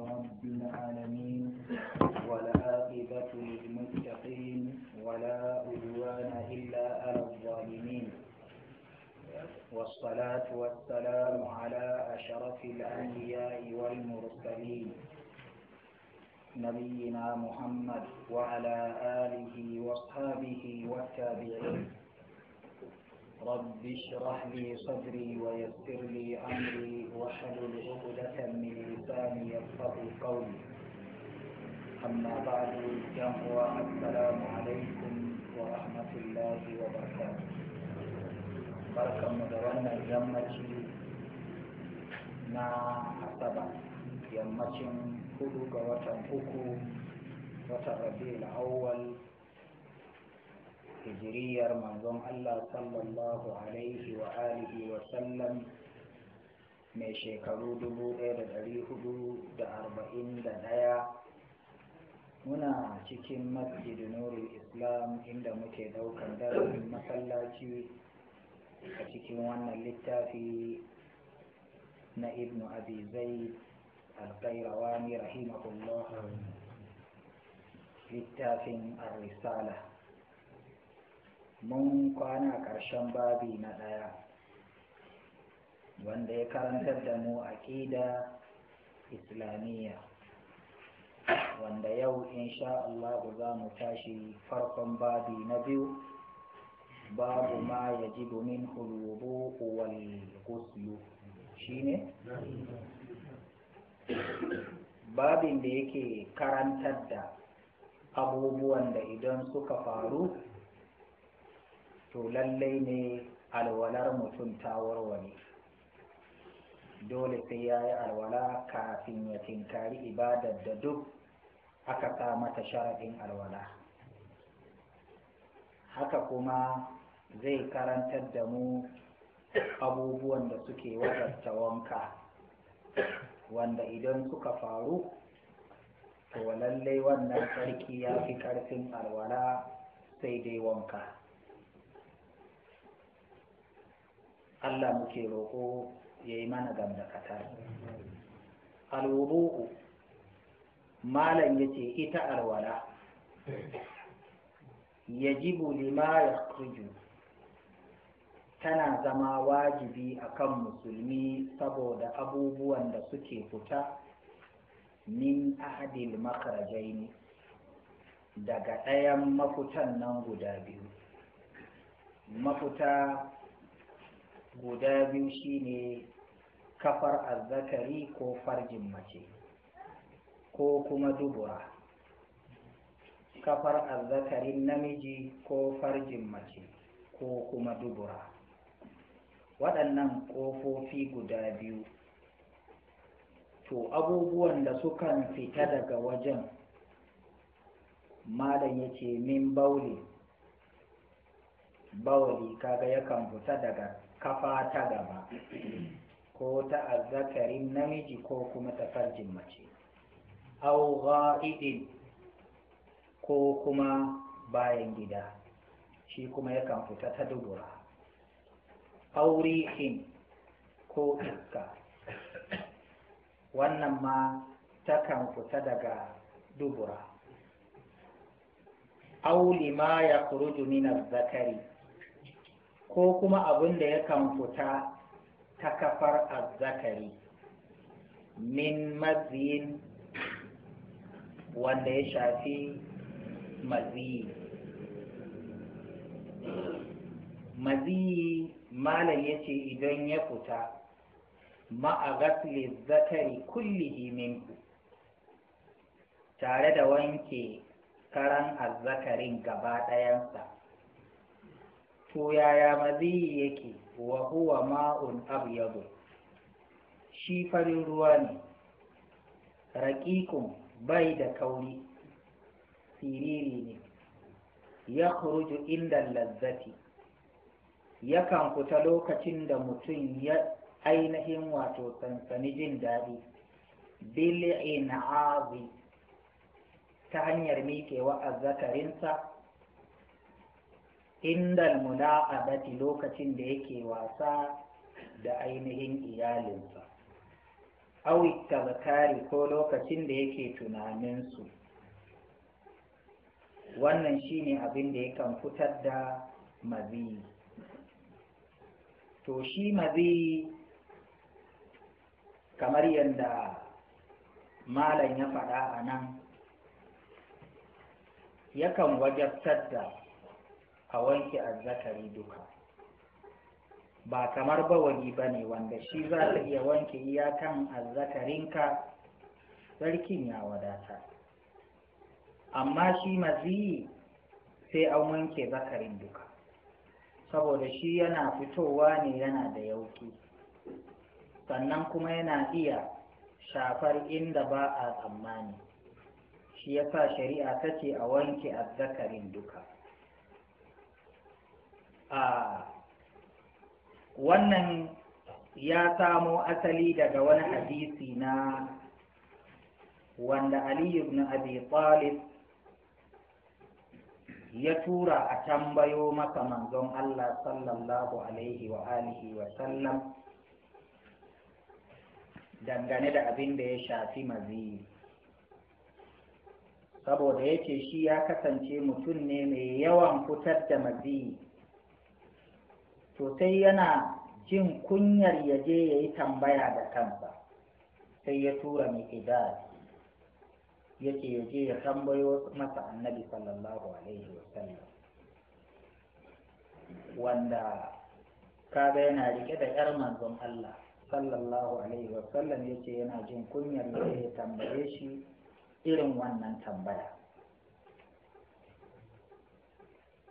رب العالمين والعاقبة للمتقين ولا عدوان إلا على الظالمين والصلاة والسلام على أشرف الأنبياء والمرسلين نبينا محمد وعلى آله وأصحابه والتابعين رب اشرح لي صدري ويسر لي أمري واحلل عقدة من لساني يفقه قولي أما بعد الجمع السلام عليكم ورحمة الله وبركاته بارك الله يمتي na asaba yammacin hudu ga watan uku watan hijiriyar manzon Allah sallallahu alaihi wa alihi wa sallam mai shekaru 1441 muna cikin masjid nurul islam inda muke daukan darasin masallaci a cikin wannan littafi na ibnu abi zaid al-qayrawani rahimahullah littafin ar-risala mun kwana ƙarshen babi na ɗaya wanda ya karantar da mu a ƙida islamiyya wanda yau insha Allah za mu tashi farkon babi na biyu babu ma ya ji domin hulubu wal guslu shi ne? babin da yake karantar da abubuwan da idan suka faru to lallai ne alwalar mutum ta warware dole sai ya yi alwala kafin ya tinkari ibadar da duk aka sa mata sharaɗin alwala haka kuma zai karantar da mu abubuwan da suke wadatta wanka wanda idan suka faru to lallai wannan sarki ya fi ƙarfin alwala sai dai wanka Allah muke roƙo ya yi mana gamdakatar alwudu'u malam ya ce ita alwala Ya ji bulima ya tana zama wajibi akan musulmi saboda abubuwan da suke fita min ahadil makarajaini daga ɗayan mafutan nan guda biyu mafuta guda biyu shine kafar azzakari ko farjin mace ko kuma dubura kafar azzakarin namiji ko farjin mace ko kuma dubura waɗannan ƙofofi guda biyu to abubuwan da sukan fita daga wajen malam ya min bauli bauli kaga yakan fita daga kafa ta gaba ko ta azzakarin namiji ko kuma ta farjin mace au ga'idin ko kuma bayan gida shi kuma yakan fita ta dubura aurihin ko iska wannan ma takan fita daga dubura auli ma ya kuruju min zakari ko kuma abin da yakan fita ta kafar azzakari min maziyin wanda ya shafi maziyi maziyi malam ya ce idan ya fita ma'agasli zakari kullihi minku tare da wanke karan azzakarin gaba ɗayansa to yaya maziyi yake wa huwa ma'un abyadu shi farin ruwa ne raƙiƙun bai da kauri siriri ne ya kuruju inda lazzati yakan fita lokacin da mutum ya ainihin wato sansani jin daɗi bil'in azi ta hanyar miƙewa Zakarinsa. indal abati lokacin da yake wasa da ainihin iyalinsa awi bakari ko lokacin da yake tunaninsu wannan shine abin da yakan fitar da mazi to shi mazi kamar yadda malam ya faɗa anan? yakan wajabtar da a wanke azzakari duka ba kamar bawali ba ne wanda shi za ka iya wanke iyakan azzakarinka sarkin ya wadata amma shi maziyi sai an wanke zakarin duka saboda shi yana fitowa ne yana da yauki sannan kuma yana iya shafar inda ba a tsammani shi ya sa shari'a ta ce a wanke azzakarin duka wannan ya samo asali daga wani hadisi na wanda Ali ibn Abi Talib ya tura a tambayo maka manzon Allah sallallahu alaihi wa alihi wa sallam dangane da abin da ya shafi mazi, saboda yake shi ya kasance mutum ne mai yawan fitar da mazi. to sai yana jin kunyar ya je ya yi tambaya da kansa sai ya tura mai yake ya je ya tambayo masa annabi sallallahu alaihi wasallam wanda kaga yana rike da yar manzon Allah sallallahu alaihi wasallam yace yana jin kunyar ya ya tambaye shi irin wannan tambaya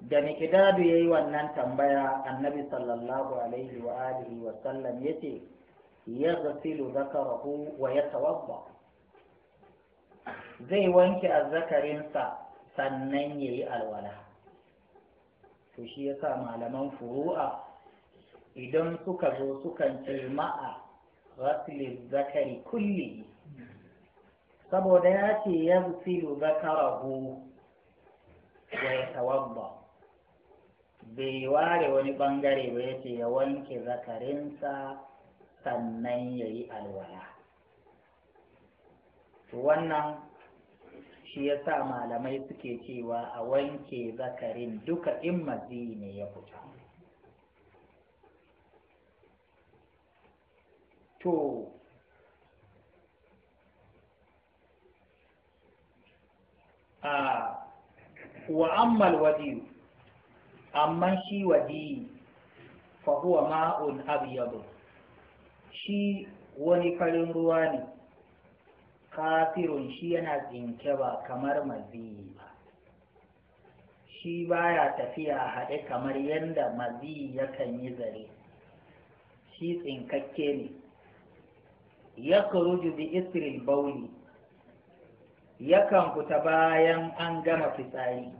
da nikidadu ya yi wannan tambaya annabi sallallahu alaihi wa alihi wa sallam ya ce ya zafilu zakarahu wa ya tawabba zai wanke azzakarinsa sannan ya yi alwala to shi ya sa malaman furu'a idan suka zo sukan ce ma'a rasilin zakari kulli saboda ya ce ya zafilu zakarahu wa ya tawabba bai ware wani bangare ba ya ce ya wanke zakarinsa sannan ya yi alwala wannan shi ya sa malamai suke cewa a wanke zakarin duka in mazi ne ya fita to a wa'ammal ammal wadiyu amma shi wadi fa huwa ma'un abyadu shi wani farin ruwa ne kafirun shi yana tsinke ba kamar maziyi ba shi baya tafiya haɗe kamar yadda maziyi yakan yi zare shi tsinkakke ne ya kuruju bi isril bauli yakan fita bayan an gama fitsari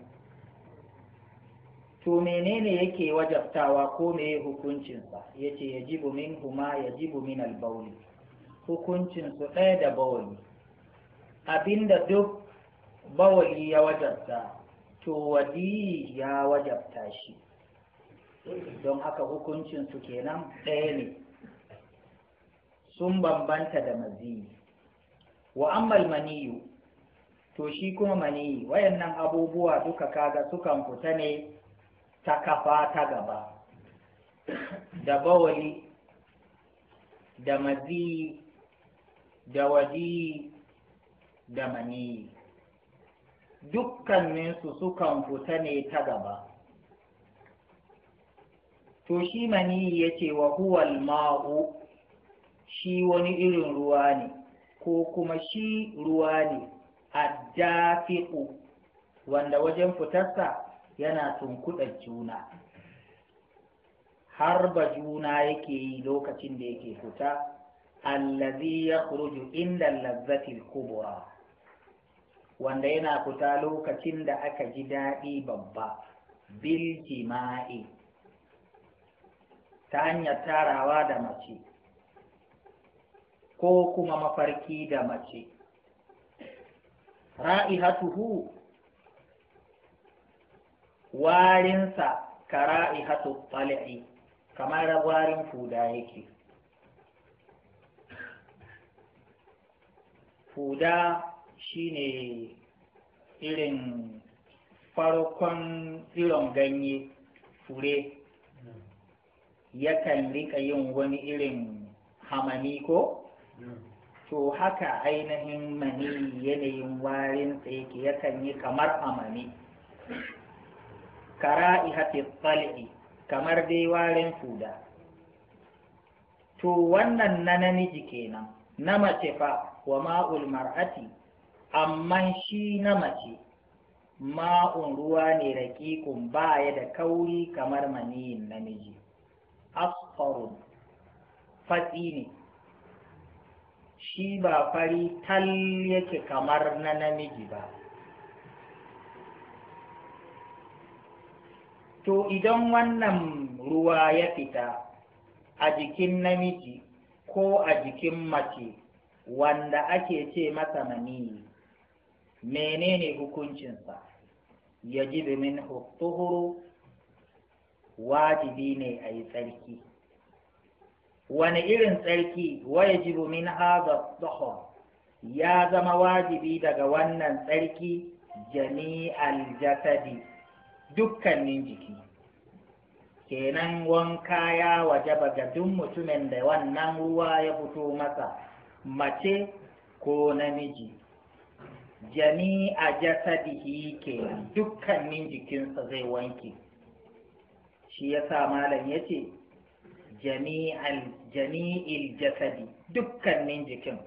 to menene yake wajabtawa ko meye hukuncinsa ya ce ya yajibu min huma ya jibu Hukuncin su ɗaya da bawali abinda duk bawali ya wajabta to wadi ya wajabta shi don haka hukuncin hukuncinsu kenan ɗaya ne sun bambanta da maziyi wa ammal maniyu to shi kuma maniyi wayannan abubuwa duka kaga sukan fita ne ta kafa ta gaba da bawali da mazi da waji da mani dukkaninsu sukan fita ne ta gaba to shi mani ya ce wa huwal ma'u shi wani irin ruwa ne ko kuma shi ruwa ne a jafi'u wanda wajen fitarsa yana tunkuɗa juna harba juna yake yi lokacin da yake fita allazi ya kuruju inda lazzatil kubura wanda yana fita lokacin da aka ji daɗi babba bil jima'i ta hanyar tarawa da mace ko kuma mafarki da mace ra'ihatuhu warinsa kara'i hatu tsali'i kamar warin fuda yake fuda shine irin farkon tsiron ganye fure yakan rika yin wani irin hamani ko to haka ainihin mani yanayin warin yake yakan yi kamar amami. kara'ihati tsal'i kamar dai warin fuda to wannan na namiji kenan na mace fa wa ma'ul mar'ati amma shi na mace ma'un ruwa ne raƙiƙun baya da kauri kamar maniyin namiji asfarun fatsi ne shi ba fari tal yake kamar na namiji ba to idan wannan ruwa ya fita a jikin namiji ko a jikin mace wanda ake ce masa maniyi menene hukuncinsa ya ji domin wajibi ne a yi tsarki wani irin tsarki waya ji domin haza ya zama wajibi daga wannan tsarki jami'al jasadi dukkanin jiki kenan wanka ya wajaba ga duk mutumin da wannan ruwa ya fito masa mace ko namiji jami'a jasadihi kenan dukkanin jikinsa zai wanke shi ya sa malam ya ce jami'il jasadi dukkanin jikin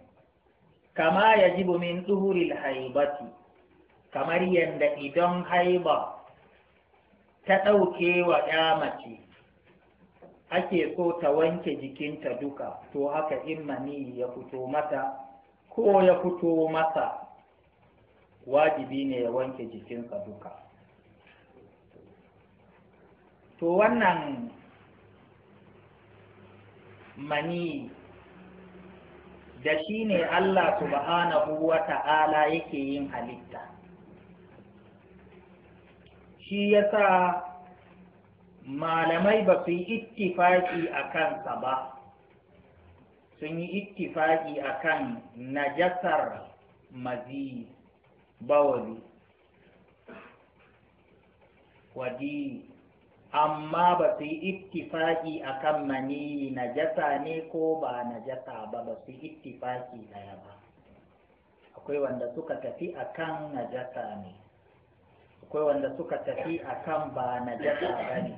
kama ya ji min tsuhuril haibati kamar yadda idan haiba ta ɗauke wa ya mace ake so ta wanke jikinta duka to haka in mani ya fito mata ko ya fito masa wajibi ne ya wanke jikinsa duka to wannan mani da shi ne Allah subhanahu wa ta'ala yake yin halitta shi yasa malamai ba su yi ittifaki a kansa ba sun yi ittifaki a kan najasar mazi bawali wadi amma ba su yi ittifaki a kan mani najasa ne ko ba najasa ba ba su yi ittifaki ɗaya ba akwai wanda suka tafi a kan najasa ne akwai wanda suka tafi a kan ba na jasa ba ne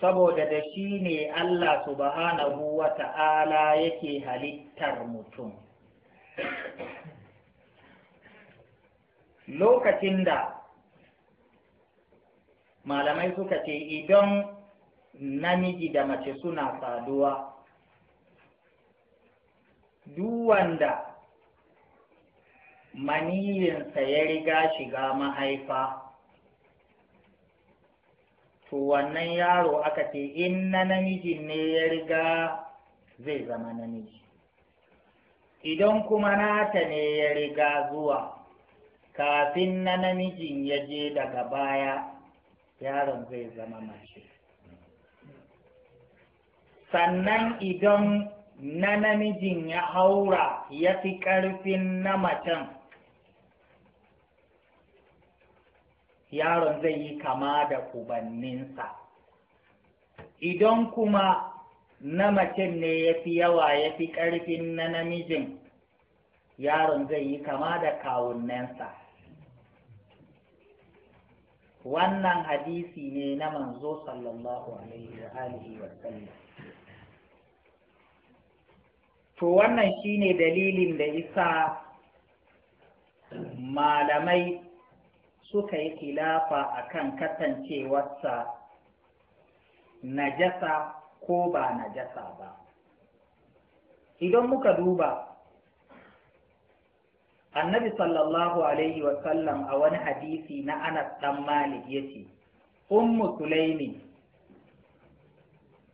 saboda da shi ne Allah subhanahu wa ta'ala yake halittar mutum lokacin da malamai suka ce idan namiji da mace suna saduwa duk wanda maniyinsa ya riga shiga mahaifa to wannan yaro aka ce in na namiji ne ya riga zai zama namiji idan kuma nata ne ya riga zuwa kafin na namijin ya je daga baya yaron zai zama mace sannan idan na namijin ya haura ya fi ƙarfin na macen yaron zai yi kama da kubanninsa. idan kuma na macen ne ya fi yawa ya fi ƙarfin na namijin yaron zai yi kama da kawunnensa wannan hadisi ne na manzo sallallahu alaihi wa to wannan shine dalilin da isa malamai suka yi khilafa akan kasancewarsa najasa ko ba najasa ba idan muka duba annabi sallallahu alaihi wasallam a wani hadisi na anas dan malik ya ce ummu sulaimi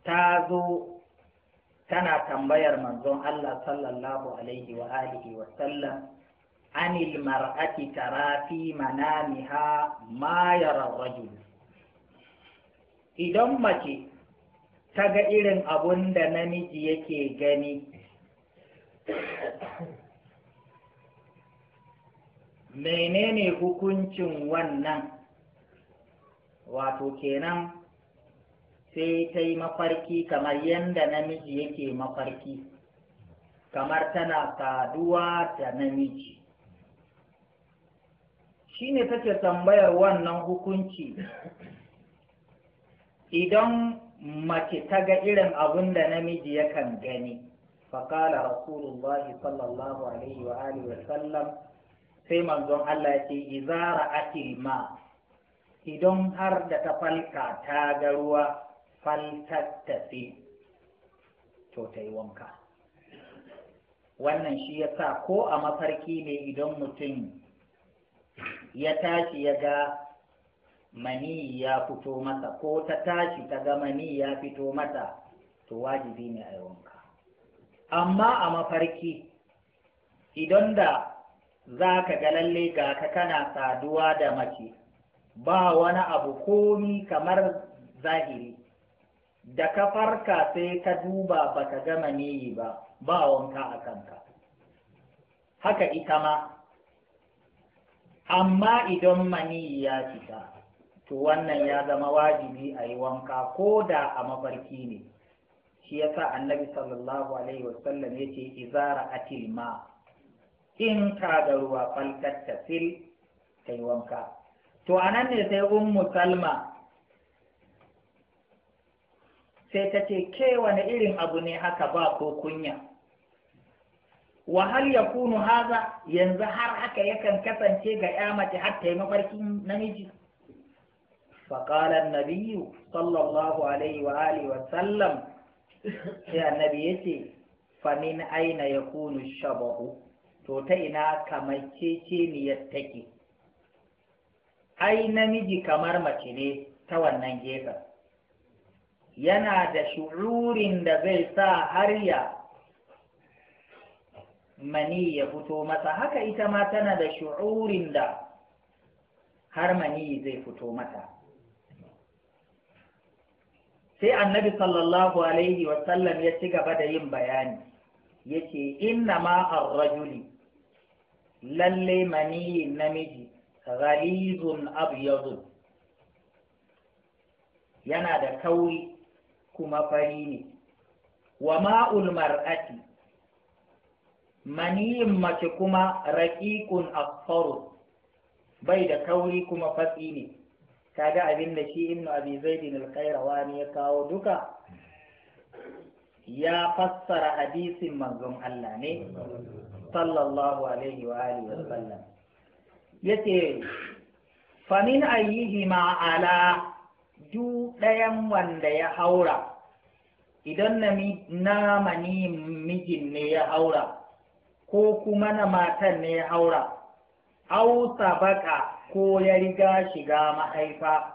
ta zo tana tambayar manzon allah sallallahu alaihi wa alihi wasallam anil mar'ati tara fi manamiha ma yara rajul idan mace ta ga irin abun da namiji yake gani menene hukuncin wannan wato kenan sai ta yi mafarki kamar yadda namiji yake mafarki kamar tana saduwa da namiji shine take tambayar wannan hukunci idan mace ta ga irin abin da namiji yakan gani faƙala rasulullah sallallahu alaihi wa alihi wa sallam sai manzon Allah ya ce izara ma. idan har da ta falka ta ga ruwa faltattafi to ta yi wanka wannan shi yasa ko a mafarki ne idan mutum ya tashi ya ga mani ya fito masa ko ta tashi ta ga mani ya fito mata to wajibi ne a yawanka. amma a mafarki idan da za ka ga lalle ga ka kana saduwa da mace ba wani abu komi kamar zahiri da ka farka sai ka duba baka ga maniyi ba ba wanka a kanka haka ita ma amma idan mani ya cika, to wannan ya zama wajibi a yi wanka ko da a mafarki ne shi ya sa annabi sallallahu alaihi wasallam ya ce izara atil ma in ka ga ruwa falkar fil ta yi wanka to a nan ne sai ummu salma sai ta ce ke wani irin abu ne haka ba ko kunya wa hal haza yanzu har haka yakan kasance ga ya mace har ta yi mafarkin namiji faƙalar nabiyu sallallahu alaihi wa alihi wa sallam ya nabi ya ce famin aina Yakunu kunu to ta ina kamar cece ni ya take ai namiji kamar mace ne ta wannan gefen yana da shururin da zai sa har ya mani ya fito masa haka ita ma tana da shu'urin da har mani zai fito mata sai annabi sallallahu alaihi wasallam ya ci gaba da yin bayani ya ce inna ma rajuli lalle maniyin namiji ghalizun abyadun yana da kauri kuma fari ne wa ma'ul mar'ati maniyin mace kuma raƙiƙun asfaru bai da kauri kuma fatsi ne kaga abin da shi ibnu abi zaidin al ne ya kawo duka ya fassara hadisin manzon Allah ne sallallahu alaihi wa alihi wa sallam yace famin ayyihi ma ala du ɗayan wanda ya haura idan na mani mijin ne ya haura ko kuma na matan ne ya haura au sabaka ko ya riga shiga mahaifa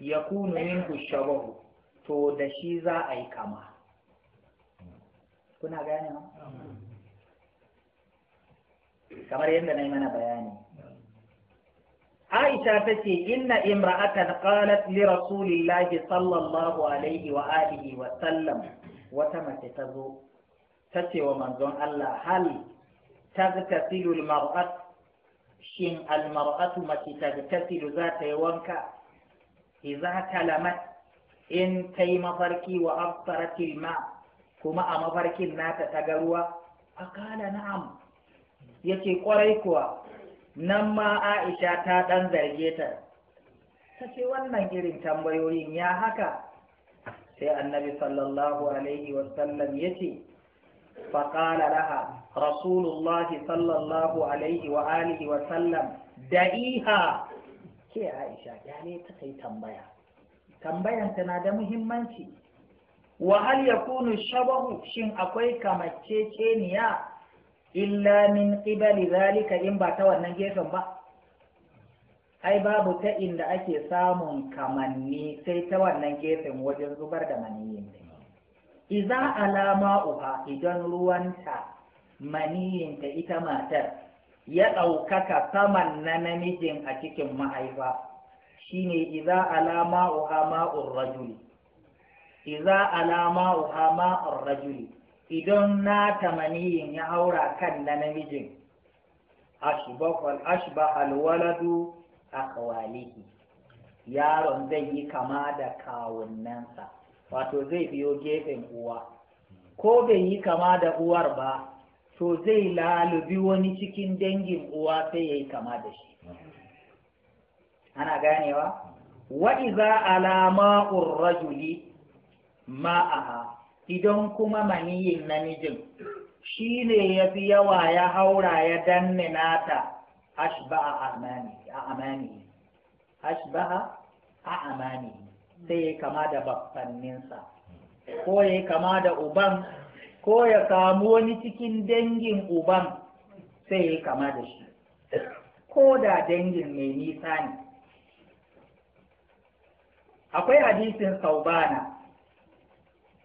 ya kunu yin shabahu to da shi za a yi kama kuna gane kamar yadda na yi mana bayani Aisha ta ce inna imra'atan qalat li rasulillahi sallallahu alaihi wa alihi wa sallam wata mace ta zo ta ce wa manzon Allah hal tagtasilu al shin al mace tagtasilu za ta yi wanka idza kalamat in ta yi mafarki wa absaratil ma kuma a mafarkin nata ta ga ruwa akala na'am yace kwarai kuwa nan ma Aisha ta dan zarge ta ta ce wannan irin tambayoyin ya haka sai annabi sallallahu alaihi wasallam ya ce فقال لها رسول الله صلى الله عليه وآله وسلم ke Aisha kyale ta kai tambaya tambayan tana da muhimmanci wa hal yakunu shabahu shin akwai kamacceceniya illa min qibali zalika in ba ta wannan gefen ba ai babu ta inda ake samun kamanni sai ta wannan gefen wajen zubar da maniyin iza alama uha idan ruwanta maniyinta ita matar ya ɗaukaka saman na namijin a cikin mahaifa shine iza alama uha ma'ur rajuli iza alama uha ma'ur rajuli idan na tamaniyin ya haura kan na namijin ashbaha alwaladu akwalihi yaron zai yi kama da kawunnansa wato zai biyo gefen uwa ko bai yi kama da uwar ba to zai lalubi wani cikin dangin uwa sai ya yi kama da shi ana ganewa wa'iza alama rajuli ma'aha idan kuma maniyin namijin shi ne ya yawa ya haura ya danne nata ashba a amani ashba a amani sai ya kama da baffanninsa ko ya kama da uban ko ya samu wani cikin dangin uban sai ya kama da shi ko da dangin mai nisa ne akwai hadisin saubana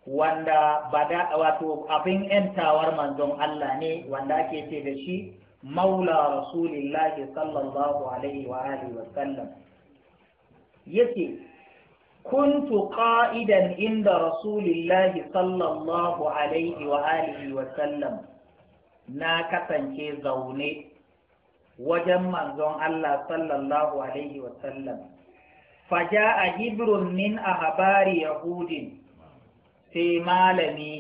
wanda bada wato abin ‘yantawar manzon Allah ne wanda ake ce da shi maula rasulillahi sallallahu alaihi wa wa sallam yace كنت قائدا عند رسول الله صلى الله عليه وآله وسلم ناكتن كي زوني وجمع زون الله صلى الله عليه وسلم فجاء جبر من أخبار يهود في مالني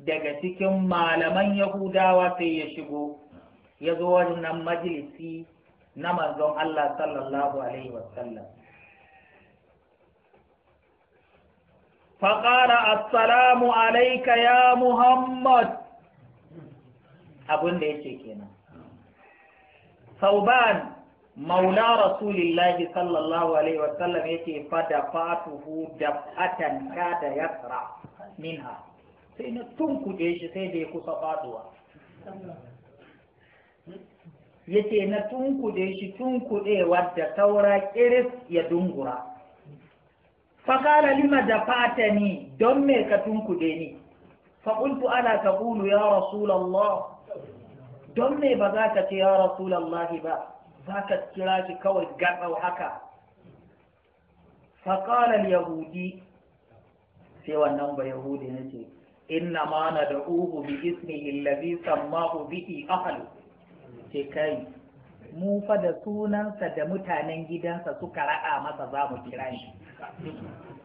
daga cikin malaman Yahudawa sai ya shigo ya zo wannan majalisi na manzon Allah sallallahu Alaihi wasallam. Faƙara السلام عليك يا محمد abin da yake kenan sauban maula rasulillahi sallallahu alaihi wasallam yake fada fatuhu da atan kada yasra minha sai na da ya kusa faduwa yace na tunkuɗe shi tunkuɗe wadda taura ƙiris ya dungura fakala lima da fata ni don me ka tunkuɗe ni ana ka ƙulu ya rasulallah don me ba za ka ce ya rasulallah ba za ka kira shi kawai gatsau haka faƙalar yahudi sai wannan ba yahudi na ce inna ma na da uhu bi ismi illazi sammahu bihi ahlu ce kai mu fa da sunansa da mutanen gidansa suka ra'a masa za mu kira shi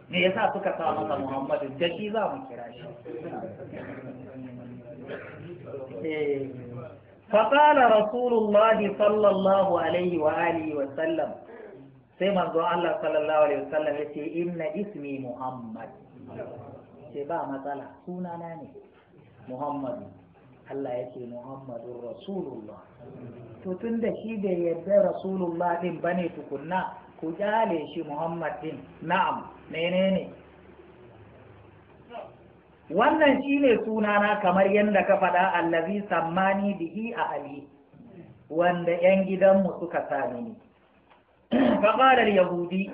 me yasa suka sa masa Muhammadu da shi za mu kira shi فقال رسول الله صلى الله عليه وآله وسلم سيما الله صلى الله عليه وسلم إن اسمي محمد سيبا مثلا سونا ناني محمد Allah ya ce Muhammadun Rasulullah. To tun da shi bai yarda Rasulullah ɗin ba ne tukunna ku kyale shi muhammad din na'am menene wannan shi ne sunana kamar yadda ka faɗa allazi sammani bihi a ali wanda 'yan gidanmu suka sami ni faƙarar yahudi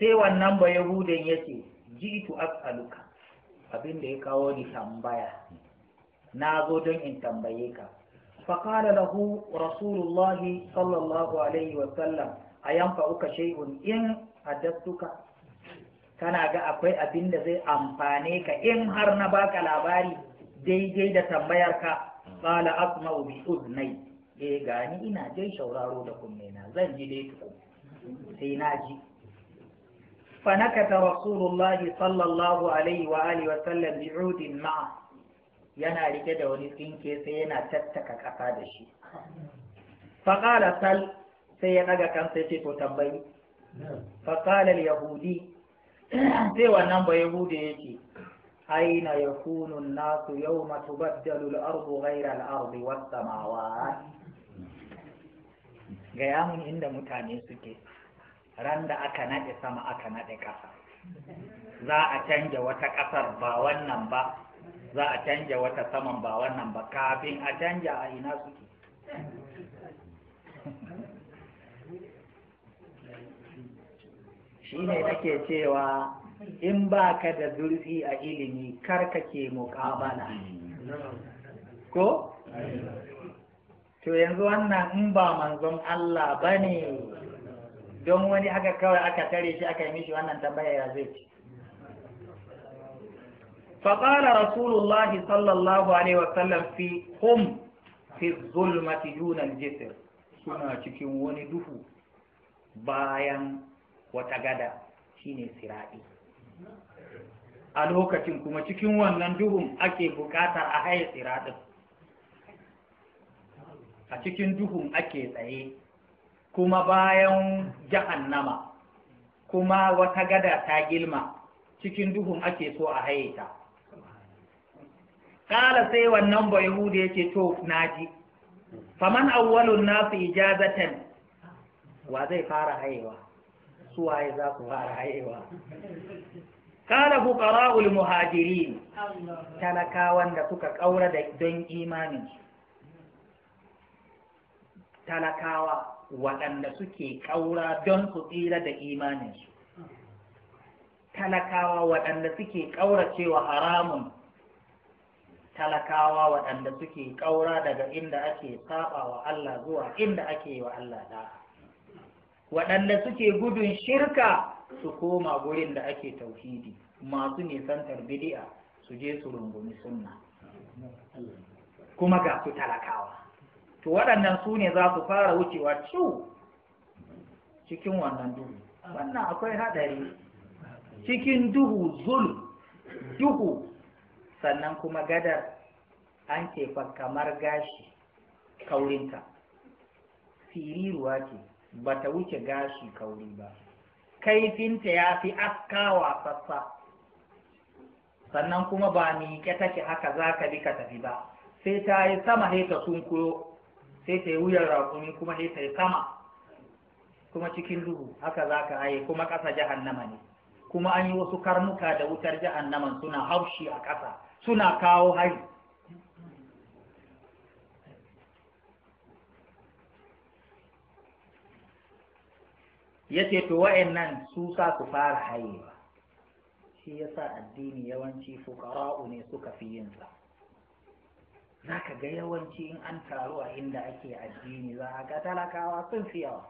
sai wannan ba yahudin ya ce jitu as'aluka abin da ya kawo ni tambaya na zo don in tambaye ka faƙarar lahu rasulullahi sallallahu alaihi wa sallam. a yanfa uka shay'un in haddastuka kana ga akwai abin da zai amfane ka in har na baka labari daidai da tambayar ka qala asma bi udnai eh gani ina dai shauraro da kunne na zan ji dai tuku sai na ji fa nakata rasulullahi sallallahu alaihi wa alihi wa sallam bi udin ma yana rike da wani tsinke sai yana tattaka kasa da shi fa qala sal sai ya ɗaga kansa sai ce to tambayi faƙalar yahudi sai wannan ba yahudi ya ce aina ya kunun nasu yau matu baddalu al'arzu gaira al'arzu wata mawa ga yamun inda mutane suke ran da aka naɗe sama aka naɗe ƙasa za a canja wata ƙasar ba wannan ba za a canja wata saman ba wannan ba kafin a canja a ina suke shi ne nake cewa in ba ka da zurfi a ilimi kar ka ke muƙabala ko to yanzu wannan in ba manzon Allah ba ne don wani aka kawai aka tare shi aka yi mishi wannan tambaya ya zai ce فقال رسول الله صلى الله عليه وسلم في هم في الظلمة دون الجسر suna cikin wani duhu bayan wata gada shine sirai a lokacin kuma cikin wannan duhun ake buƙatar a haye siraɗin a cikin duhun ake tsaye kuma bayan jahannama kuma wata gada ta gilma cikin duhun ake so a haye ta ƙala sai wannan ba da yake to naji faman awwalun nasu ijazatan wa zai fara haihuwa? su waye za su fara hayewa kala fuqara'ul muhajirin talakawan da suka kaura da don imanin talakawa waɗanda suke kaura don su tsira da imanin talakawa waɗanda suke kaura cewa haramun talakawa waɗanda suke ƙaura daga inda ake saba wa Allah zuwa inda ake wa Allah da waɗanda suke gudun shirka su koma gurin da ake tauhidi masu nisantar bidi'a su je su rungumi sunna kuma ga su talakawa to waɗannan su ne za su fara wucewa ciw cikin wannan duhu wannan akwai haɗari cikin duhu zul duhu sannan kuma gadar an ce fa kamar gashi kaurinta siriruwa ce ba ta wuce gashi kauri ba kaifinta ya fi askawa sassa sannan kuma ba miƙe take haka za ka bi ka tafi ba sai ta yi sama sai ta sunkuyo sai ta yi wuyar raƙumi kuma sai ta yi sama kuma cikin duhu haka za ka haye kuma ƙasa jahannama ne kuma an yi wasu karnuka da wutar jahannaman suna haushi a ƙasa suna kawo hari ya ce to wayannan su sa su fara hayewa shi ya sa addini yawanci fukara'u ne suka fi yin za ka ga yawanci in an taru a inda ake addini za a ga talakawa sun fi yawa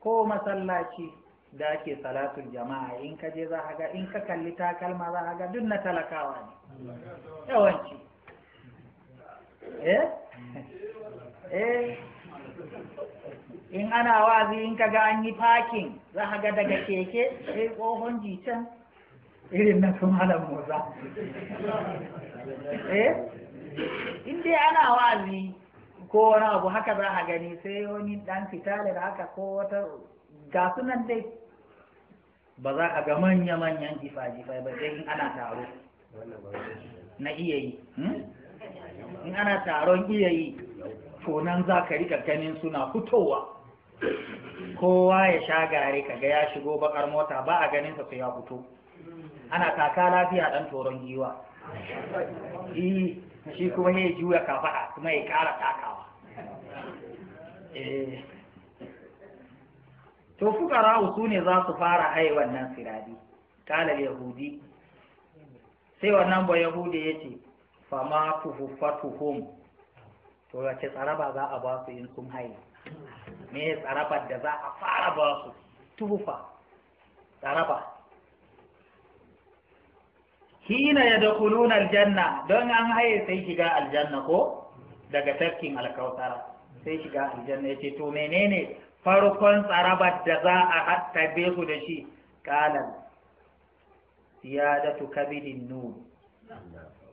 ko masallaci da ake salatul jama'a in ka je za a ga in ka kalli takalma za a ga duk na talakawa ne yawanci eh eh in ana wazi in ka ga an yi parking za a ga daga keke sai tsohon jicen irin na su malam moza eh in dai ana wazi ko wani abu haka za a gani sai wani dan fitalar haka ko wata ga sunan dai ba za a ga manya-manyan jifa jifa ba sai in ana taro na iya yi hmm? in ana taron iya yi to nan za ka rika ganin suna fitowa kowa ya sha gare ka ga ya shigo bakar mota ba a ganin sa sai ya fito ana taka lafiya dan toron giwa E, shi kuma ya juya kafa kuma ya kara takawa eh to fukara su ne za su fara ai wannan siradi kala yahudi sai wannan ba yahudi yace fama tuhuffatuhum to ce tsaraba za a ba su in sun haye me tsarabar da za a fara ba su tuhufa tsaraba hina ya da aljanna don an haye sai shiga aljanna ko daga tafkin alkautara sai shiga aljanna ya ce to menene farkon tsarabar da za a be su da shi kalan siyadatu kabidin nun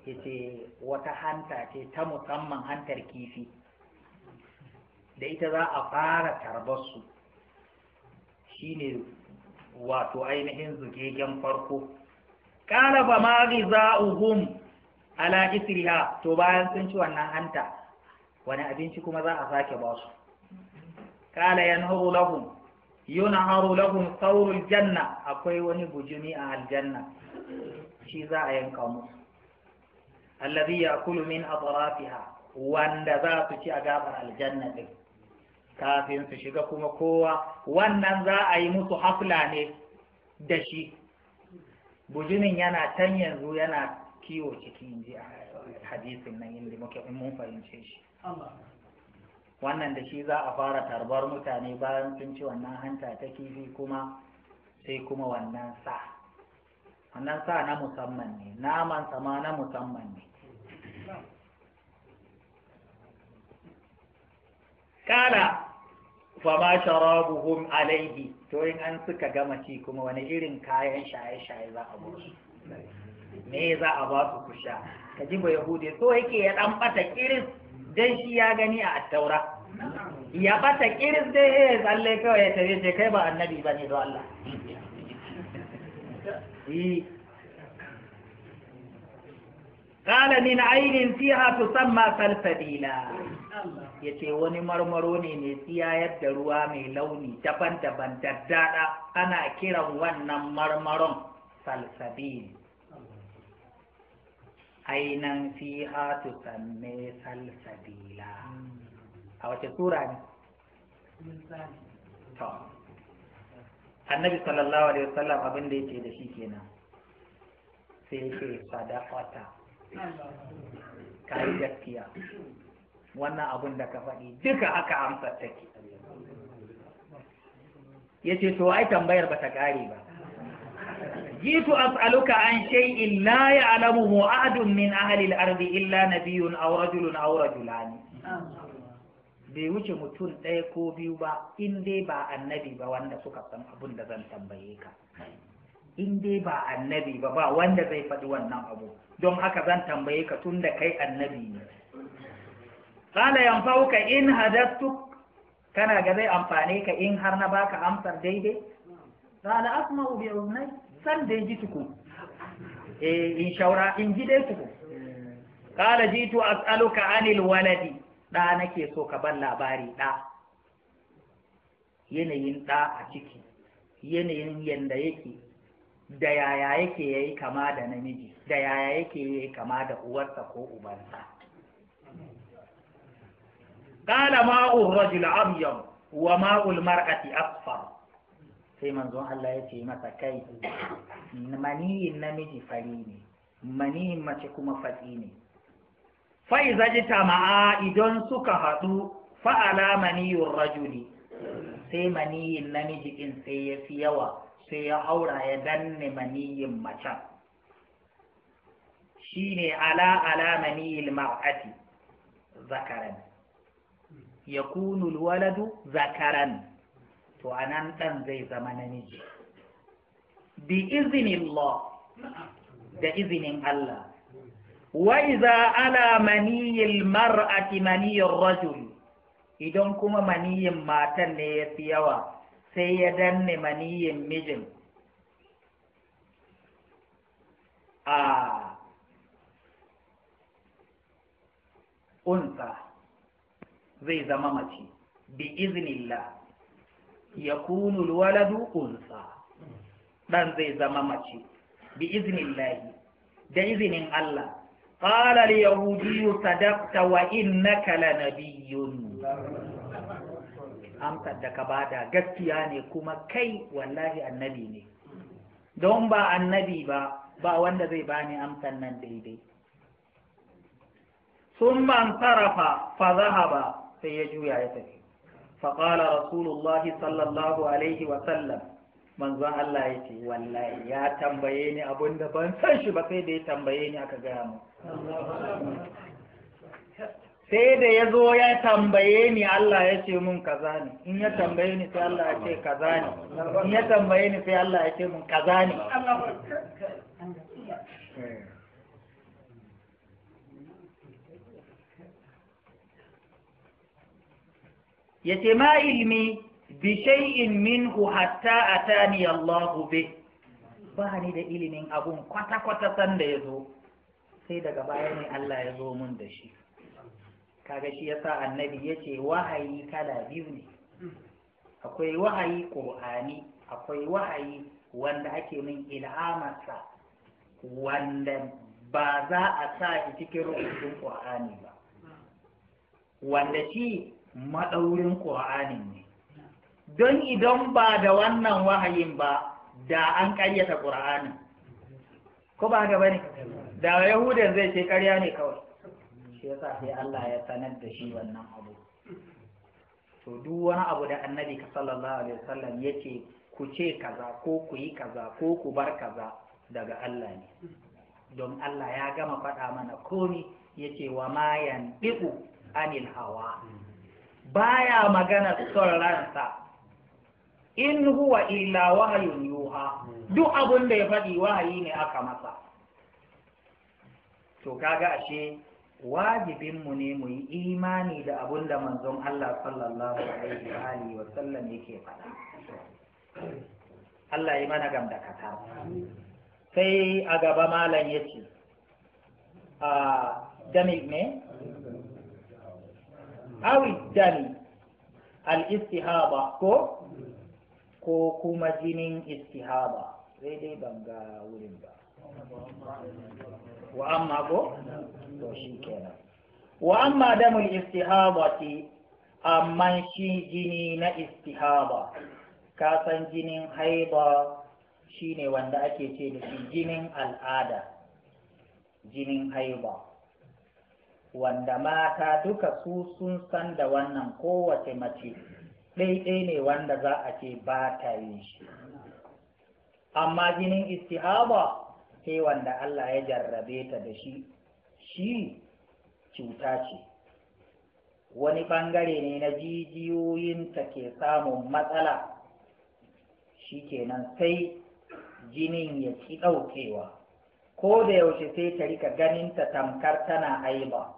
yace wata hanta ce ta musamman hantar kifi da ita za a fara tarbar su shine wato ainihin zugegen farko kala ba ma ghiza'uhum ala isriha to bayan sun ci wannan hanta wani abinci kuma za a sake ba su kala yanharu lahum yunharu lahum saurul janna akwai wani bujumi a aljanna shi za a yanka musu alladhi yakulu min atrafiha wanda za su ci a aljanna din kafin su shiga kuma kowa wannan za a yi musu hafla ne da shi bujumin yana can yanzu yana kiwo cikin ji a hadisin nan inda muke mun fahimce shi wannan da shi za a fara tarbar mutane bayan sun ci wannan hanta ta kifi kuma sai kuma wannan sa wannan sa na musamman ne naman sama na musamman ne kala fama sharabuhum alaihi to in an suka gama ci kuma wani irin kayan shaye-shaye za a su, me za a ba su ku sha ka ji ba yahudi so yake ya dan bata kiris dan shi ya gani a taura ya bata kiris dai ya eh, tsalle kawai ya tafi ce kai ba annabi ba ne don Allah Kala eh. min ainin fiha tusamma salsabila ya ce wani marmaro ne mai tsiya da ruwa mai launi daban-daban daddada ana kiran wannan marmaron salsabil ainan fiha tusamme salsabila a wace sura ne to annabi sallallahu alaihi wasallam abin da yake da shi kenan sai yake sadaqata kai gaskiya wannan abin da ka faɗi duka haka amsar take yace to ai tambayar ba ta kare ba jitu as'aluka an shay'in la ya'lamuhu ahadun min ahli al-ardi illa nabiyyun aw rajulun aw rajulani bai wuce mutum ɗaya ko biyu ba in dai ba annabi ba wanda suka san abun da zan tambaye ka in dai ba annabi ba ba wanda zai faɗi wannan abu don haka zan tambaye ka tun da kai annabi ne qala fauka in hadattuk kana ga zai amfane ka in har na baka amsar daidai qala asma'u bi uznai san da ji tuku eh in shaura in ji dai tuku qala jitu as'aluka anil waladi na nake so ka ban labari ɗa. yanayin ɗa a ciki yanayin yanda yake da yaya yake yi kama da namiji da yaya yake yi kama da uwarsa ko ubansa Kala ma'ul rajul abyad wa ma'ul mar'ati asfar sai manzon Allah ya ce masa kai maniyin namiji fari ne maniyin mace kuma fatsi ne fa'iza ji idan suka haɗu fa'ala maniyun rajuli sai maniyin namiji ɗin sai ya fi yawa sai ya haura ya danne maniyin macen shi ne ala ala maniyin mar'ati zakaran ya kunu waladu zakaran to a nan ɗan zai zama namiji bi izinin Allah da izinin Allah wa iza ala maniyil mar'ati maniyir rajul idan kuma maniyin matan ne ya fi yawa sai ya danne maniyin mijin a unsa zai zama mace bi iznillah yakunu alwaladu unsa dan zai zama mace bi iznillahi da izinin Allah qala al-yahudiyyu sadaqta wa innaka lanabiyyun amsar da ka bada gaskiya ne kuma kai wallahi annabi ne don ba annabi ba ba wanda zai bani amsar nan daidai sun man sarafa fa zahaba sai ya juya ya tafi faƙala rasulullahi sallallahu alaihi wasallam manzon Allah ya ce wallahi ya tambaye ni abin da ban san shi ba sai da ya tambaye ni aka gaya mu sai da ya zo ya tambaye ni Allah ya ce mun kaza ne in ya tambaye ni sai Allah ya ce kaza ne in ya tambaye ni sai Allah ya ce mun kaza ne yace ma ilmi bi shay'in minhu hatta atani Allah bi ba ni da ilimin abun kwata kwata san da zo, sai daga baya ne Allah ya zo mun da shi kaga shi yasa annabi yace wahayi kala biyu ne akwai wahayi ƙur'ani, akwai wahayi wanda ake min ilhamarsa wanda ba za a sa shi cikin rubutun qur'ani ba wanda shi maɗaurin ƙur'anin ne don idan ba da wannan wahayin ba da an ƙaryata ƙur'anin ko ba gaba bane da yahudan zai ce ƙarya ne kawai shi yasa sai Allah ya sanar da shi wannan abu to duk wani abu da annabi sallallahu alaihi wasallam yake ku ce kaza ko ku yi kaza ko ku bar kaza daga Allah ne don Allah ya gama faɗa mana komi yace wa mayan bi'u anil hawa baya magana son ransa in huwa illa wahayun yuha duk abin da ya faɗi wahayi ne aka masa to kaga ashe wajibinmu ne mu yi imani da abin da manzon Allah sallallahu alaihi wa alihi wa sallam yake faɗa Allah yi mana gamdakata sai a gaba malam yace a ah, jamil ne awi dami al-istihaba ko ko kuma jinin istihaba sai dai ban ga wurin ba wa amma ko to shi kenan wa amma damul istihabati amma shi jini na istihaba ka san jinin haiba shine wanda ake ce da shi jinin al'ada jinin haiba wanda mata duka su sun san da wannan kowace mace ɗaiɗai ne wanda za a ce ba ta yin shi amma jinin istihaba sai wanda Allah ya jarrabe ta da shi shi cuta ce wani ɓangare ne na jijiyoyinta ke samun matsala shi kenan sai jinin ya ƙi ɗaukewa ko da yaushe sai ta rika ganinta tamkar tana aiba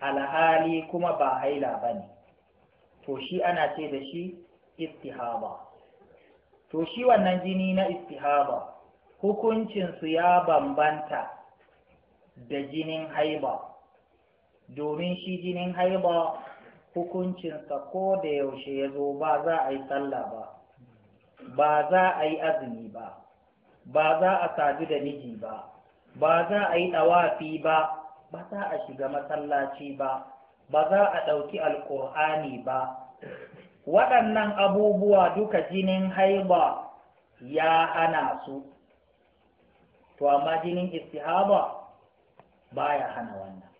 alhali kuma ba haila ba ne to shi ana ce da shi istihaba to shi wannan jini na istihaba hukuncinsu ya bambanta da jinin haiba domin shi jinin haiba hukuncinsa ko da yaushe ya zo ba za a yi sallah ba ba za a yi azumi ba ba za a sadu da miji ba ba za a yi ɗawafi ba ba za a shiga masallaci ba ba za a ɗauki alƙur'ani ba waɗannan abubuwa duka jinin haiba ya hana su to amma jinin istihaba baya hana wannan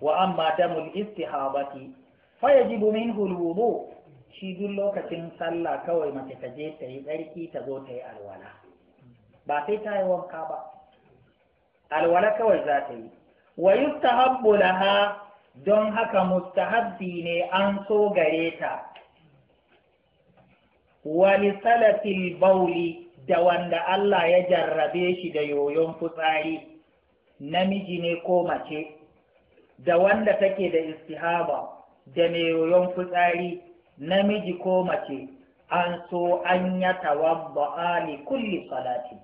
wa amma damul istihabati fa yajibu minhu alwudu shi duk lokacin sallah kawai mace ta je ta yi tsarki ta zo ta yi alwala ba sai ta yi wanka ba alwala kawai za ta yi wa yustahabbu laha don haka mustahabbi ne an so gare ta wa salatil bauli da wanda Allah ya jarrabe shi da yoyon fitsari namiji ne ko mace da wanda take da istihaba da mai yoyon fitsari namiji ko mace an so an ya tawabba'a li kulli salati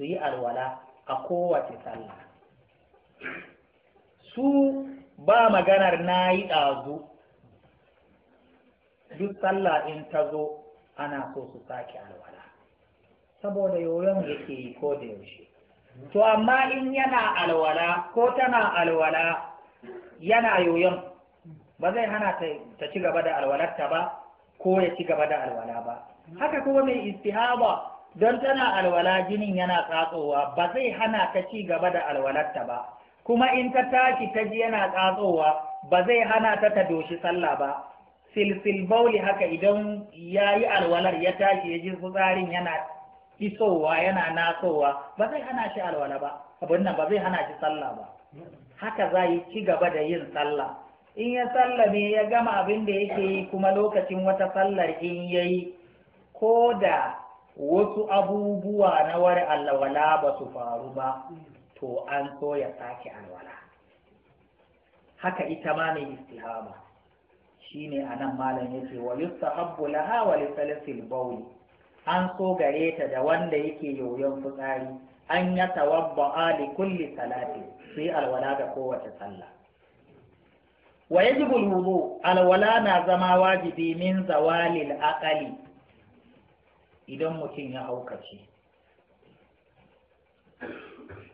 su yi alwala a kowace sallah su ba maganar na yi ɗazu duk sallah in ta zo ana so su sake alwala saboda yoyon yake yi ko da yaushe to amma in yana alwala ko tana alwala yana yoyon ba zai hana ta ci gaba da alwalarta ba ko ya ci gaba da alwala ba haka kuma mai istihaba don tana alwala jinin yana tsatsowa ba zai hana ta ci gaba da alwalarta ba kuma in ta tashi ta ji yana tsatsowa ba zai hana ta ta doshi sallah ba silsil bauli haka idan ya yi alwalar ya tashi ya ji fitsarin yana isowa yana nasowa ba zai hana shi alwala ba abin nan ba zai hana shi sallah ba haka za yi ci gaba da yin sallah in ya sallame ya gama abin da yake yi kuma lokacin wata sallar in ya yi ko da wasu abubuwa na wari alwala ba su faru ba to an so ya sake alwala haka ita ma mai istihama shine anan malam yake wa yustahabbu laha wa lisalasil bawl an so gare ta da wanda yake yoyon fitsari an ya tawabba ali kulli salati sai alwala ga kowace sallah wa yajibu alwudu alwala na zama wajibi min zawalil aqali idan mutum ya haukace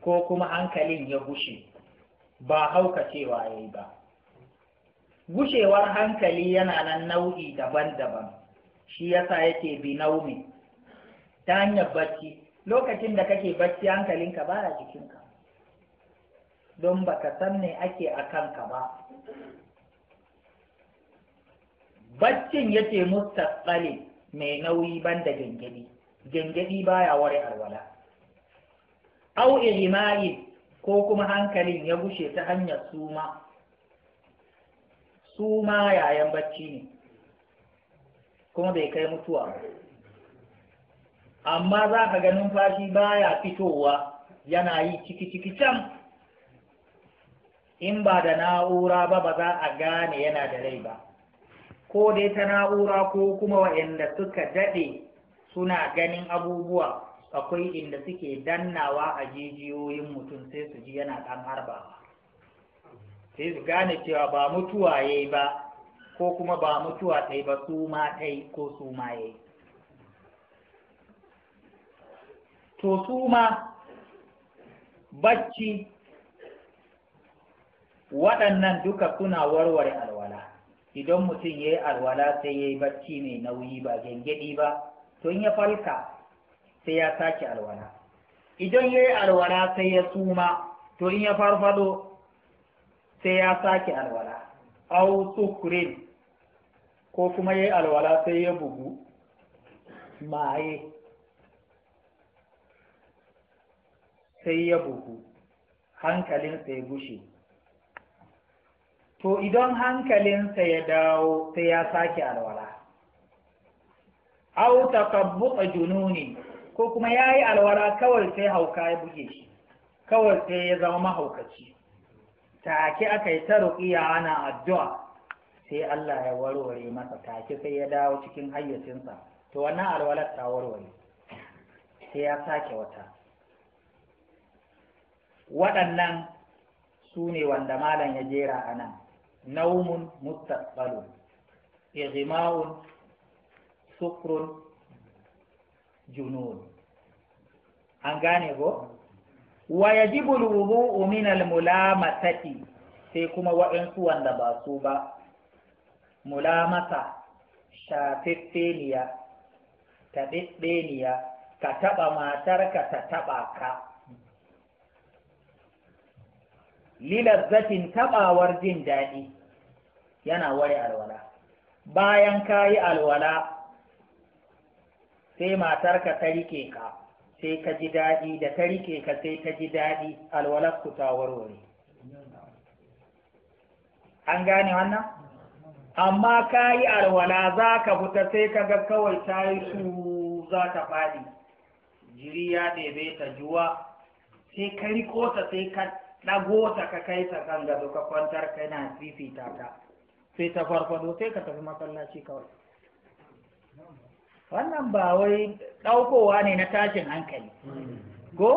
ko kuma hankalin ya gushe ba haukacewa ya yi ba gushewar hankali yana nan nau'i daban-daban shi yasa yake bi naumi ta hanyar bacci lokacin da kake bacci hankalinka ba a jikinka don baka san ne ake a kanka ba baccin yake mustasali mai nauyi banda gengedi gengedi baya ware alwala au irimayi ko kuma hankalin ya bushe ta hanyar suma suma yayan bacci ne kuma bai kai mutuwa amma za ka ga numfashi baya fitowa yana yi ciki ciki can in ba da na'ura ba ba za a gane yana da rai ba ko dai ta na'ura ko kuma waɗanda suka daɗe suna ganin abubuwa akwai inda suke dannawa a jijiyoyin mutum sai su ji yana ɗan harbawa sai su gane cewa ba mutuwa ya yi ba ko kuma ba mutuwa ta yi ba su ma ta ko su ma ya yi to su ma bacci waɗannan duka suna warware alwala idan mutum ya yi alwala sai ya yi bacci mai nauyi ba gengedi ba tun ya falka sai ya sake alwala idan ya yi alwala sai ya suma to in ya farfado sai ya sake alwala au sukurin ko kuma ya yi alwala sai ya bugu maye sai ya bugu hankalinsa ya gushe to idan hankalinsa ya dawo sai ya sake alwala au junu jununi ko kuma ya yi alwara kawai sai hauka ya buge shi kawai sai ya zama mahaukaci take aka yi ta ruƙiya ana addu'a sai Allah ya warware masa take sai ya dawo cikin hayyacinsa to wannan alwalar ta warware sai ya sake wata waɗannan su ne wanda malam ya jera a nan naumun mustaqbalun igma'un sukrun junun an gane ko wa yajibu alwudu min almulamatati sai kuma waɗansu wanda ba su ba mulamata shafiffeniya taɓiɓɓeniya ka taɓa matarka ta taɓa ka lilazzatin taɓawar jin daɗi yana ware alwala bayan ka yi alwala sai matarka ta rike ka sai ka ji daɗi da ta rike ka sai ta ji daɗi alwalar ku ta warware an gane wannan amma ka yi alwala za ka fita sai ka ga kawai ta yi su za ta faɗi jiri ya ɗebe ta juwa sai ka riko ta sai ka ɗago ta ka kai ta kan gado ka kwantar kana fifita ta sai ta farfado sai ka tafi masallaci kawai wannan ba wai ɗaukowa ne na tashin hankali go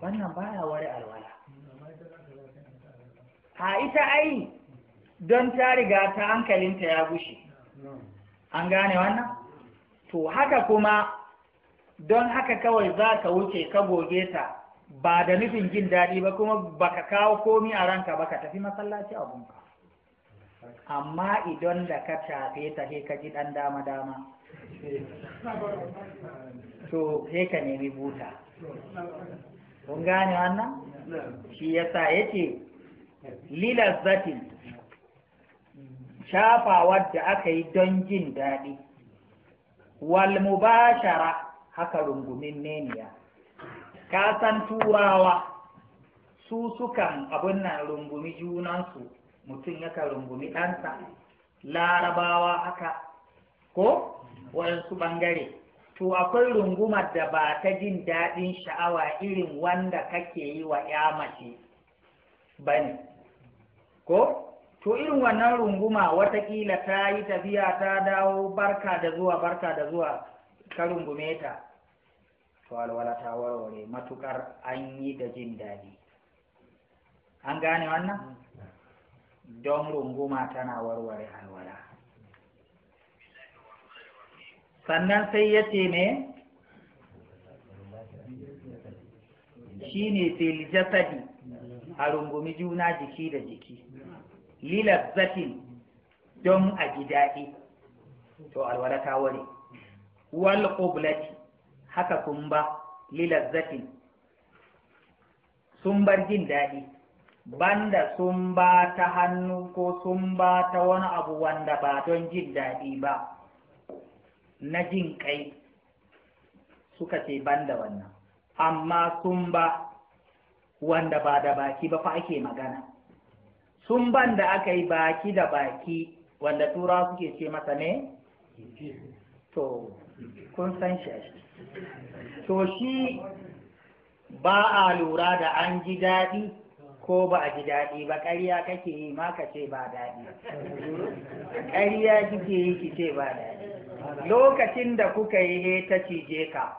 wannan baya wari alwala a ita ai don ta riga ta hankalinta ya gushe an gane wannan to haka kuma don haka kawai za ka wuce ka goge ta ba da nufin jin daɗi ba kuma baka kawo komi a ranka ba ka tafi masallaci ka. amma idan da ka tafe ta ka ji ɗan dama-dama to sai ka nemi buta kun gane wannan shi yasa yace lilazzatin shafa da aka yi don jin daɗi wal mubashara haka rungumin neniya ka san turawa su sukan abin nan rungumi junansu mutum yaka rungumi ɗansa larabawa haka ko Wasu bangare. to akwai rungumar da ba ta jin daɗin sha'awa irin wanda kake yi wa ya mace ba ne ko to irin wannan runguma watakila ta yi tafiya ta dawo barka da zuwa barka da zuwa ka rungume ta to alwala ta warware matukar an yi da jin daɗi an gane wannan mm. don runguma tana warware alwala sannan sai ya ce ne shi ne filjasadi jasadi a rungumi juna jiki da jiki lilar zatin don a ji daɗi to alwala ta ware wal qublati haka kumba lilar sun bar jin daɗi banda sun ba ta hannu ko sun ba ta wani abu wanda ba don jin daɗi ba na jin kai suka ce ban da wannan amma sun ba wanda ba da baki ba fa ake magana sun ban da aka yi baki da baki wanda tura suke ce masa ne to kun san shi to shi ba a lura da an ji daɗi ko ba a ji daɗi ba ƙarya kake yi ma ka ce ba daɗi ƙarya kike yi ki ce ba daɗi lokacin da kuka yi he ta cije ka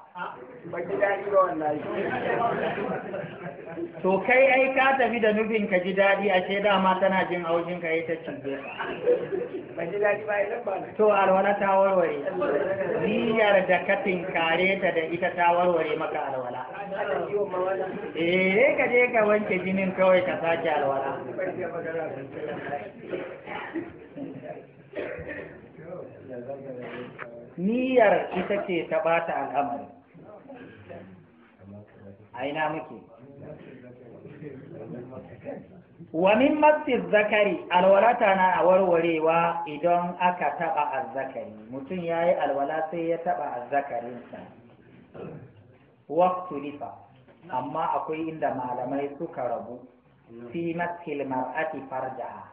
to kai ai ka tafi da nufin ka ji daɗi a ce dama tana jin haushin ka yi ta cije ka to alwala ta warware niyyar da ka tinkare ta da ita ta warware maka alwala eh ka je ka wanke jinin kawai ka sake alwala niyyar ita ce ta bata al'amari a ina muke wa min masjid zakari alwalata na a warwarewa idan aka taba azzakari mutum ya yi alwala sai ya taba azzakarinsa waktu lifa amma akwai inda malamai suka rabu fi maskil mar'ati farja.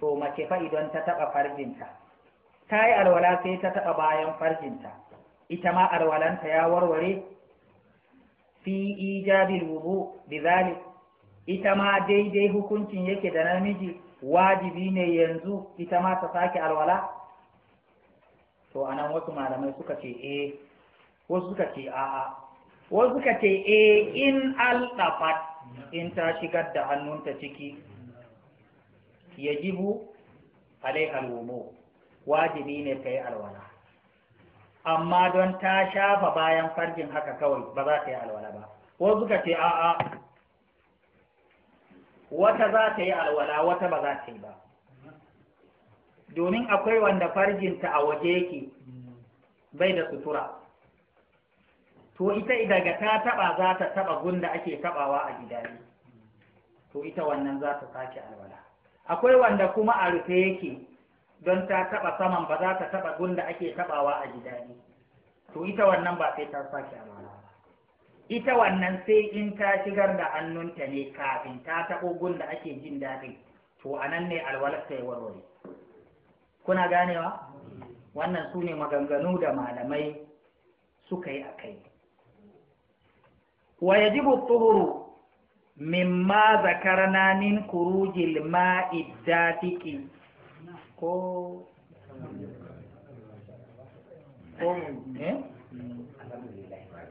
to mace fa idan ta taba farjinta ta yi alwala sai ta taɓa bayan farjinta ita ma alwalanta ya warware fi ijabil wudu bizali ita ma daidai hukuncin yake da namiji wajibi ne yanzu ita ma ta sake alwala to anan wasu malamai suka ce eh wasu suka ce a'a wasu suka ce eh in aldafat in ta shigar da hannunta ciki yajibu alaiha alwudu wajibi ne ka yi alwala amma don ta shafa bayan farjin haka kawai ba za ta yi alwala ba ko suka ce a'a wata za ta yi alwala wata ba za ta yi ba domin akwai wanda farjinta a waje yake bai da sutura to ita daga ta taba za ta taba gunda ake tabawa a gidaje, to ita wannan za ta sake alwala akwai wanda kuma a rufe yake don ta taɓa saman ba za ta taɓa gunda ake taɓawa a gida ne to ita wannan ba sai ta sake amana ita wannan sai in ta shigar da hannunta ne kafin ta taɓo gunda ake jin daɗi to a nan ne ta ya warware kuna ganewa wannan su ne maganganu da malamai suka yi a kai wa ji tuhuru mimma zakarana min kurujil ma'i dafiqi ko ko eh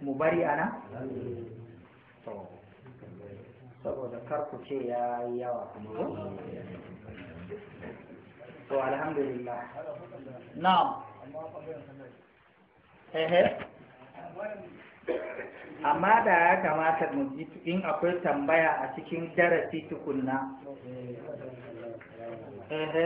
mu bari ana to saboda kar ku ce ya yi yawa kuma ko to alhamdulillah na ehe amma da ya kamata mu ji in akwai tambaya a cikin darasi tukunna ehe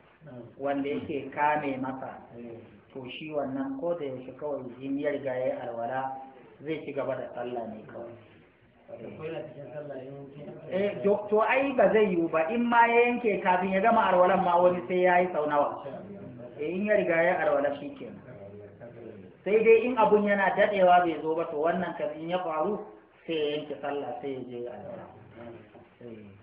wanda yake kame masa to shi wannan ko da yaushe kawai jin ya riga ya alwala zai ci gaba da sallah ne kawai eh, to ai ba zai yiwu ba in ma ya yanke kafin ya gama alwalan ma wani sai ya yi sau nawa eh, in ya riga ya alwala shi ke sai dai in abun yana dadewa bai zo ba to wannan kan in ya faru sai ya yanke sallah sai ya je alwala eh.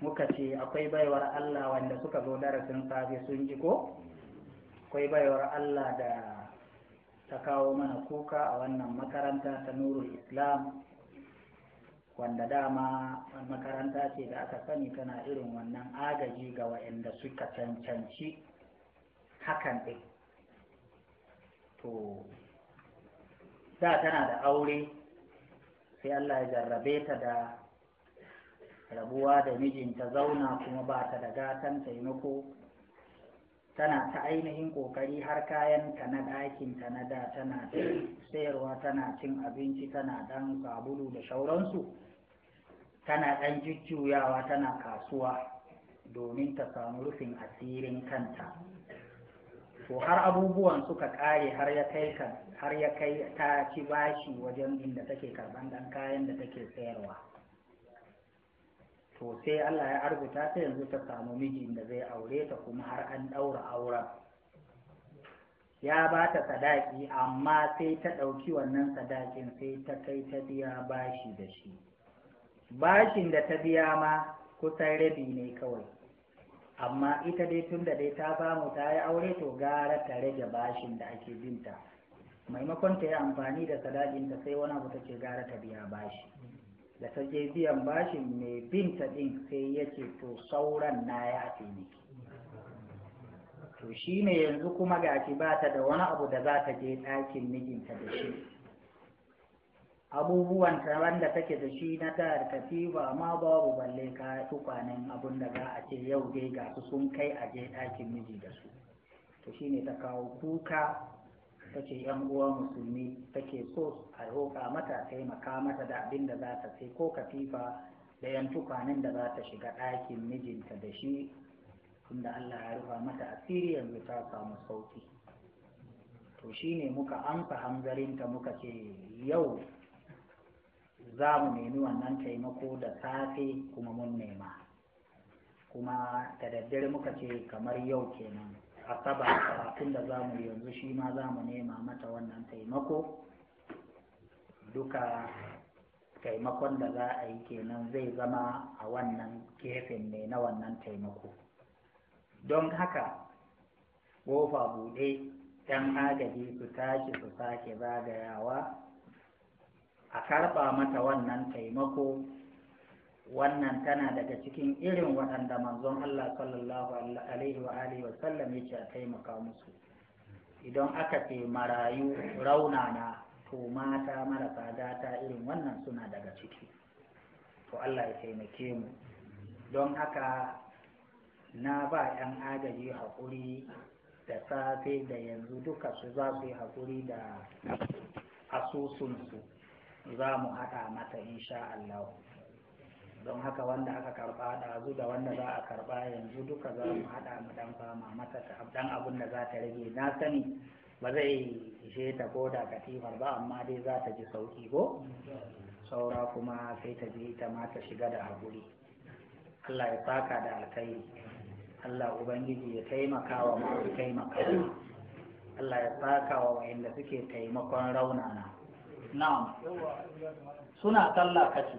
muka ce akwai baiwar Allah wanda suka zo darasin safe sun ji ko akwai baiwar Allah da ta kawo mana kuka a wannan makaranta ta nurul islam wanda dama makaranta ce da aka sani tana irin wannan agaji ga waɗanda suka cancanci hakan ɗin to da tana da aure sai Allah ya jarrabe ta da rabuwa da mijinta zauna kuma ba ta da gatan taimako tana ta ainihin ƙoƙari har kayanta na ɗakinta na da tana sayarwa tana cin abinci tana ɗan sabulu da shauransu tana ɗan jujjuyawa tana kasuwa domin ta samu rufin asirin kanta to har abubuwan suka ƙare har ya kai har ya kai ta ci bashi wajen inda take karɓan ɗan kayan da take sayarwa to sai Allah ya arzuta ta yanzu ta samu mijin da zai aure ta kuma har an ɗaura auren ya ba ta sadaki amma sai ta ɗauki wannan sadakin sai ta kai ta biya bashi da shi bashin da ta biya ma kusan rabi ne kawai amma ita dai tun da dai ta samu ta yi aure to gara ta rage bashin da ake binta maimakon ta yi amfani da sadakinta sai wani abu take ce gara ta biya bashi da ta je biyan bashin mai binta ɗin sai ya to sauran na ya fi to shi ne yanzu kuma gashi ba ta da wani abu da za ta je ɗakin mijinta da shi abubuwan wanda take da shi na tayar katifa ma babu balle ka tukwanen abun da za a ce yau dai ga su sun kai a je ɗakin miji da su to shi ne ta kawo kuka ta ce yan uwa musulmi take so a roƙa mata taimaka mata da abin da za ta sai ko katifa da yan tukwanin da za ta shiga ɗakin mijinta da shi tunda Allah ya rufa mata asiri yanzu ta samu sauki to shine muka amsa hanzarinta muka ce yau za mu nemi wannan taimako da safe kuma mun nema kuma da daddare muka ce kamar yau kenan asaba karatun da zamu yanzu shi ma za mu nema mata wannan taimako duka taimakon da za a yi kenan zai zama a wannan gefen ne na wannan taimako don haka kofa buɗe 'yan agaji su tashi su sake zagayawa a karɓa mata wannan taimako wannan tana daga cikin irin waɗanda manzon Allah sallallahu alaihi wa alihi wa sallam yace a taimaka musu idan aka ce marayu raunana to mata marasa gata irin wannan suna daga ciki to Allah ya taimake mu don haka na ba 'yan agaji haƙuri da safe da yanzu duka su za su yi haƙuri da asusunsu za mu haɗa mata insha Allah. don haka wanda aka karba ɗazu da wanda za a karba yanzu duka za mu haɗa mu dan fama mata ta dan abin da za ta rage na sani ba zai ishe ta ko da katifar ba amma dai za ta ji sauki ko saura kuma sai ta je ta ma ta shiga da haƙuri Allah ya saka da alkhairi Allah ubangiji ya taimaka wa masu taimaka. Allah ya saka wa wa'inda suke taimakon raunana na'am suna sallah kace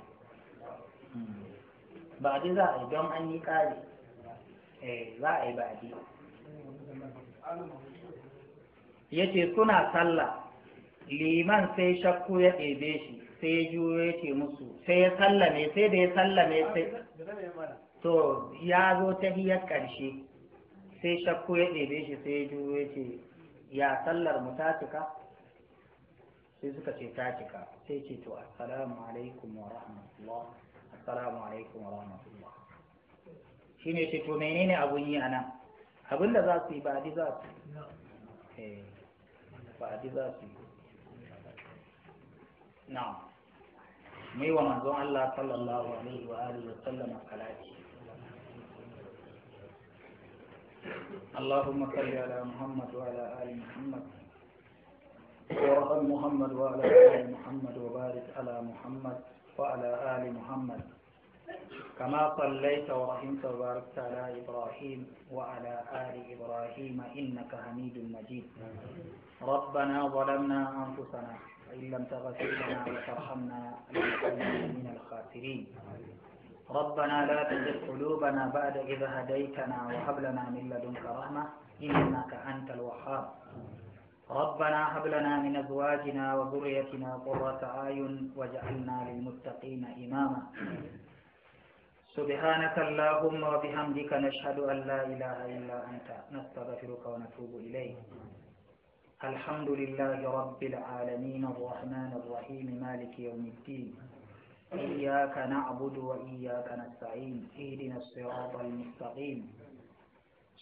ba'adi za a yi don an yi ƙari eh, za a yi ba'adi ya ce suna sallah liman sai shakku ya ɗebe shi sai ya juyo ya ce musu sai ya sallame sai da ya sallame sai to ya zo ta hiyar ƙarshe sai shakku ya ɗebe shi sai ya juyo ya ce ya sallar mu ta cika sai suka ce ta cika sai ce to assalamu alaikum wa rahmatullah assalamu alaikum wa rahmatullah shi ne ce to menene abun yi nan. abin da za su yi ba a za su yi eh, ba a za su yi na'am mai wa manzon Allah sallallahu alaihi wa alihi wa sallama salati اللهم صل على محمد وعلى آل محمد وعلى محمد وعلى آل محمد وبارك على محمد وعلى آل محمد كما صليت ورحمت وباركت على إبراهيم وعلى آل إبراهيم إنك حميد مجيد ربنا ظلمنا أنفسنا وإن لم تغفر لنا وترحمنا لنكونن من الخاسرين ربنا لا تزغ قلوبنا بعد إذ هديتنا وهب لنا من لدنك رحمة إنك أنت الوهاب ربنا هب لنا من أزواجنا وذريتنا قرة أعين واجعلنا للمتقين إماما سبحانك اللهم وبحمدك نشهد أن لا إله إلا أنت نستغفرك ونتوب إليك الحمد لله رب العالمين الرحمن الرحيم مالك يوم الدين إياك نعبد وإياك نستعين اهدنا الصراط المستقيم